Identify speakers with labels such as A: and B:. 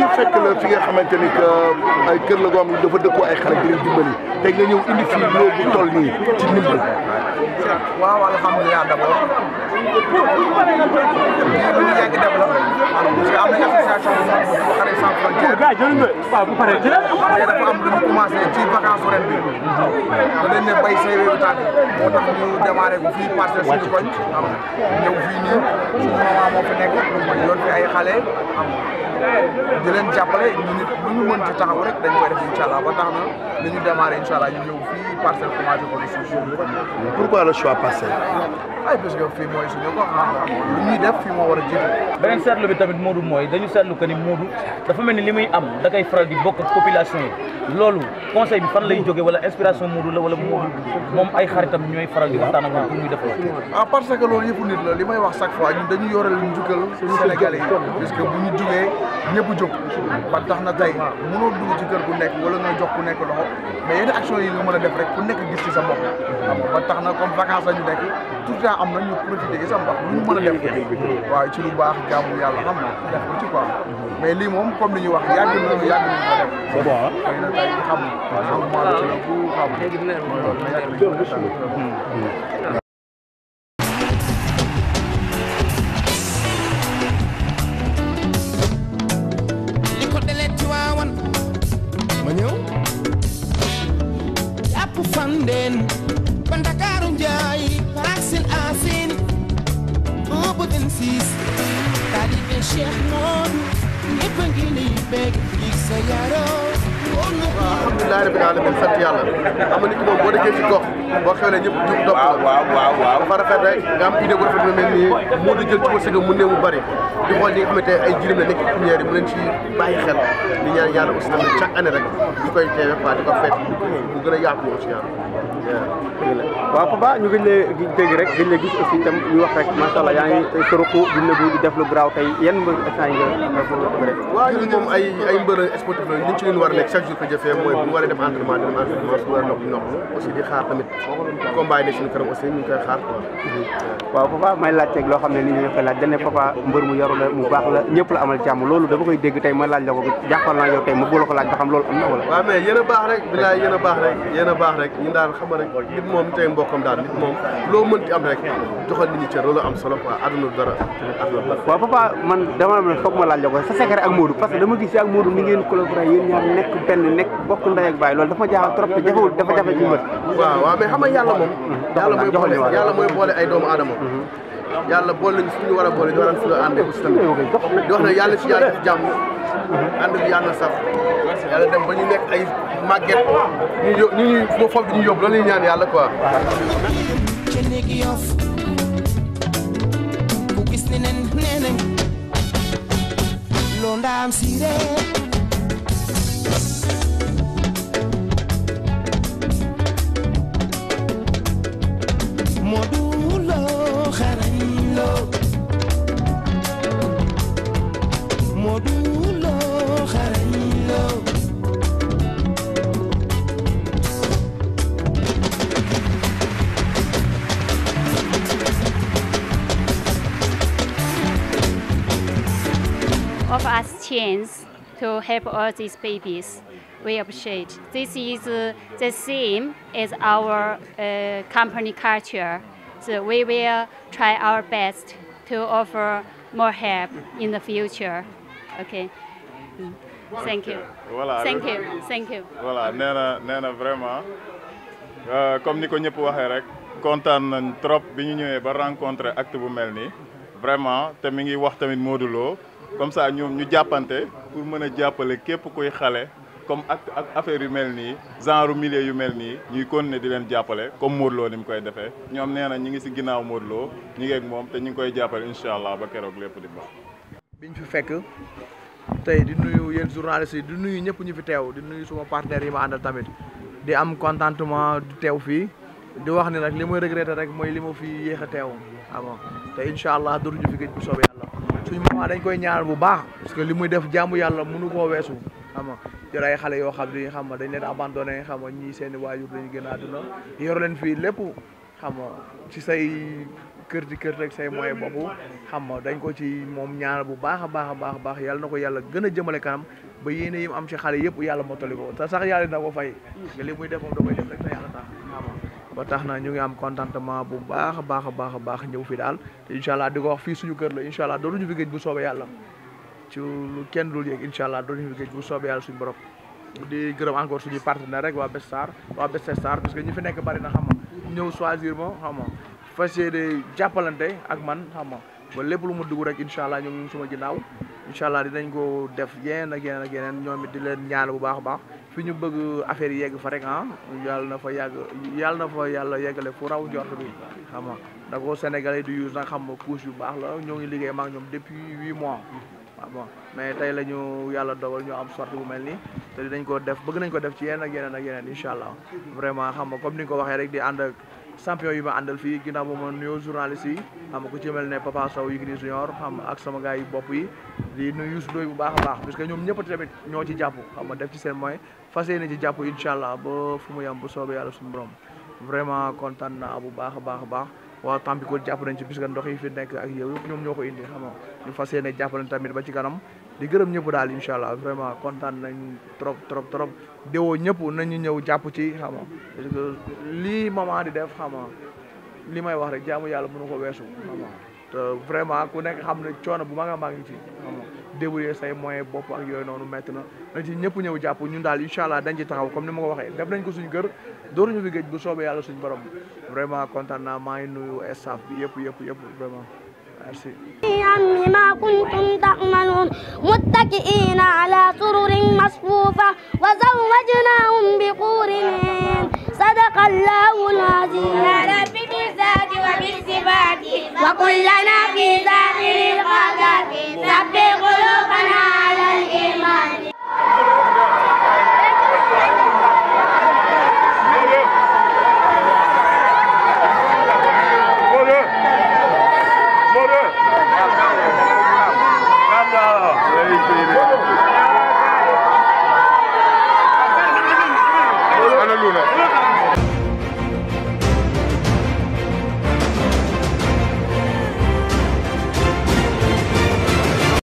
A: ñu fekk fi nga xamante ni que ay kër la goo xam dafa dëkkoo ay xale di leen dimbali nga ñëw indi fii loolu bu toll nii ci ndimbal.
B: waaw alhamdulilah d'abord bu ñu yegg
A: def la parce que am na association bu mag bi da leen ne bay say wéeru tànk moo tax
B: ñu démarré bu fii parcelle suñu
A: ñëw fii nii suñu
B: maman moo fi nekk yoon fi ay xale di leen jàppale ñu nit lu ñu mën ci taxaw rek dañ koy def incha allah ba tax na li ñu démarré incha allah ñu ñëw fii parcelle commencé ay parce que fii mooy suñu ko ah, ah, lu ñuy def fii moo a jiitu. da koy faral di bokk ak population yi loolu conseil bi fan lay jógee wala inspiration Modou la wala Modou moom ay xaritam ah, bu ñu jugee ñëpp jóg ba tax na tey mënoo dugg ci kër ku nekk wala nga jox ku nekk loxo mais yenn action yi nga mën a def rek ku nekk gis ci sa bopp ba tax na comme vacances la nekk temps am na ñu profité ci am baax lu ñu mën a def waaw ci lu baax jaamu yàlla xam na def ko ci quoi mais lii moom comme li ñu wax yàgg na yàgg ma ko def xëy na tey xam xam mois de bu
A: xam sis taalibe Cheikh moom ñëpp a ngi lay bég alhamdulilah rabbil alamin sant yàlla xam nga nit ki moom boo dëkkee ci gox boo xewlee ñëpp jub topp waaw waaw waaw fa rafet rek nga am idée bu rafet bu mel nii mu di jël ci wërsëg mu néew mu bëri di xool ñi nga xamante ay jirim la nekk pinière mu leen yàlla aussi tamit chaque année rek ñu koy teewe quoi di ko fekk bu gën a yaatu aussi yàlla wax a waree dem entraînement dem entraînement su war a nopp nopp aussi di xaar tamit combat yi ne suñu kanam aussi ñu ngi koy xaar quoi. waaw papa may laajteeg loo xam ne ni ñu koy laaj dañ ne papa mbër mu yaru la mu baax la ñëpp la amal jàmm dama koy ma laaj ma laaj a a a la ko sa secret ak Modou parce que dama gis ak Modou ni ngeen collaborer yéen ñaar nekk benn nekk bokk ak bàyyi loolu dafa ma jaaxal trop te jafewul dafa jafe ci mbër waaw waaw mais xam nga yàlla moom mm-hmm. yàlla mooy boole yàlla mooy boole ay doomu aadama mm-hmm. yàlla boole nañu suñu war a boole ñu war a suñu àndee aussi mm-hmm. tamit di wax ne yàlla si yàlla si jàmm ànd bi yàlla sax yàlla dem ba ñu ay màgget ñu yób ñu ñuy moo foofu ñu yóbbu loolu ñu ñaan yàlla ku gis ni nen nee
B: nañ loo ndaam
A: offer us chance to help all these babies. We appreciate. This is uh, the same as our uh, company culture. So we will try our best to offer more help in the future. Okay. Mm. Thank you. voilà thank you thank you.
B: voilà nee na nee na vraiment euh, comme ni ko ñëpp waxee rek kontaan nañ trop bi ñu ñëwee ba rencontré acte bu mel nii vraiment te mi ngi wax tamit Modou Lo comme ça ñoom ñu jàppante pour mën a jàppale képp kuy xale comme ak ak affaire yu mel nii genre milieu yu mel nii ñuy continuer di leen jàppale comme Modou Lo ni mu koy defee ñoom nee na ñi ngi si ginnaaw Modou ñi ngeeg moom te ñu ngi koy jàppale incha allah ba keroog lépp di bi biñ fi fekk te di nuyu yéen journalistes yi di nuyu ñëpp ñu fi teew di nuyu suma partenaires yi ma àndal tamit di am contentement di teew fii di wax ni nag li muy regretter rek mooy li ma fi yéex a teew ah suñu maman dañ koy ñaanal bu baax parce que li muy def jaamu yàlla mënu koo weesu xam nga ay xale yoo xam ne xam nga dañ leen abandonné xam nga ñii seen i waajur dañu gën a àdduna yor leen fii lépp xam nga ci say kër ci kër rek say moyen bopp xam nga dañ ko ci moom ñaanal bu baax a baax a baax a baax yàlla na ko yàlla gën a jëmale kanam ba yéene yi mu am ci xale yëpp yàlla motali ko te sax yàlla na ko fay nga li muy def moom da koy def ba tax na ñu ngi am contentement bu baax a baax a baax baax ñëw fi daal te incha allah di ko wax fii suñu kër la incha allah dootuñu fi géej bu soobee yàlla ci incha allah dootuñu fi géej bu soobee yàlla suñu borom di gërëm encore suñuy partenaire rek waa Best Star waa Best Star parce que ñu fi nekk bari na xam nga ñëw choisir ma xam nga fas yéene jàppalante ak man xam nga ba lépp lu mu dugg rek incha allah ñoom ñu suma ginnaaw incha allah dinañ ko def yeneen ak yeneen ak yeneen ñoom it di leen ñaan bu baax baax fi ñu bëgg affaire yegg fa rek ah yàlla na fa yàgg yàlla na fa yàlla yeggale fu raw njort bi xam nga da ko sénégalais du use na xam nga couche yu baax la ñoo ngi liggéey maak ñoom depuis huit mois ah, bon mais tey la ñu yàlla dogal ñoo am sorte bu mel nii te dinañ ko def bëgg nañ ko def ci yenn ak yeneen ak yeneen incha allah vraiment xam na comme ni nga ko waxee rek di ànd champion yi ma àndal fii ginnaaw ba ma nuyoo journaliste yi xam ko ci mel ne Papa Sow Yékini Junior xam ak sama gars yi bopp yi di nuyu Youssou Ndoye bu baax baax parce que ñoom ñëpp tamit ñoo ci jàpp xam nga def ci seen moyen fas yéene ci jàpp incha allah ba fu mu yem bu soobee yàlla suñu borom vraiment kontaan naa bu baax a baax a baax waa Tampico jàpp nañ ci puisque ndox yi fi nekk ak yow yëpp ñoom ñoo ko indi xam nga ñu fas yéene jàppale tamit ba ci kanam di gërëm ñëpp daal incha allah vraiment kontaan nañ trop trop trop déwoo ñëpp nañu ñëw jàpp ci xam nga parce que lii maman di def xam nga li may wax rek jaamu yàlla mënu ko weesu xam nga te vraiment ku nekk xam ne coono bu mag a mag ngi ci xam nga débrouiller say moyen bopp ak yooyu noonu métti na nañ ñëpp ñëw jàpp ñun daal incha allah dañ ji taxaw comme ni ma ko waxee def nañ ko suñu kër dooruñu fi géej bu soobee yàlla suñu borom vraiment kontaan naa maa ngi nuyu staff bi yëpp yëpp yëpp vraiment merci
A: عمي ما كنتم تعملون متكئين على سرر مصفوفة وزوجناهم بقور صدق الله العظيم يا
B: رب بالذات وبالصفات وكلنا في ذات القدر سبح قلوبنا على الإيمان